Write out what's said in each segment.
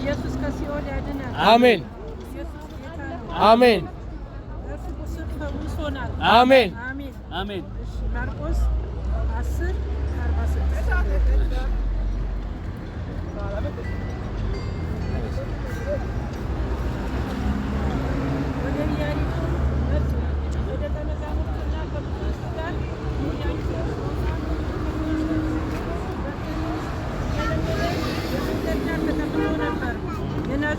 ኢየሱስ ከሲኦል ያድናል። አሜን አሜን አሜን አሜን። ማርቆስ 10 46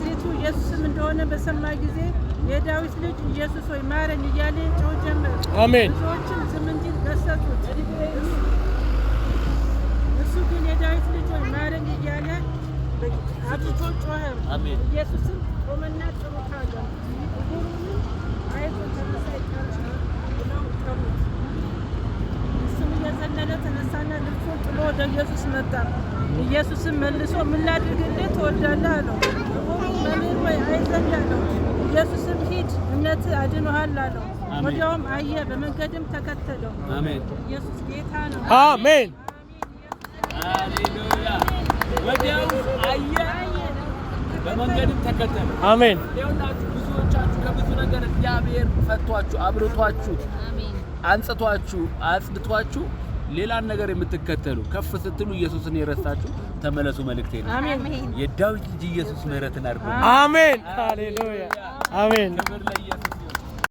ናዝሬቱ ኢየሱስም እንደሆነ በሰማ ጊዜ የዳዊት ልጅ ኢየሱስ ሆይ ማረን እያለ ጮህ ጀመር። አሜን። ብዙዎችም ዝም እንዲል ገሰጹት። እሱ ግን የዳዊት ልጅ ሆይ ማረን እያለ አብዝቶ ጮኸ። ኢየሱስም ቆመና ጥሩ ካለ እግሩንም አይቶ ተነሳ፣ ይቀርጭ ተነሳና ልብሱን ጥሎ ወደ ኢየሱስ መጣ። ኢየሱስም መልሶ ምን ላድርግልህ ትወዳለህ? አለው። እግዚአብሔር ሆይ አይዘን አለው። ኢየሱስም ሂድ እምነት አድኖሃል አለው። ወዲያውም አየ፣ በመንገድም ተከተለው። ኢየሱስ ጌታ ነው። አሜን። ሃሌሉያ። ወዲያውም አየ፣ በመንገድም ተከተለው። አሜን። ይኸውላችሁ ብዙዎቻችሁ ከብዙ ነገር እግዚአብሔር ፈቷችሁ፣ አብርቷችሁ፣ አንጽቷችሁ፣ አጽድቷችሁ ሌላን ነገር የምትከተሉ ከፍ ስትሉ ኢየሱስን የረሳችሁ ተመለሱ። መልእክቴ ነው። የዳዊት ልጅ ኢየሱስ ምህረትን አድርጎ አሜን። ሃሌሉያ አሜን። ክብር ለኢየሱስ።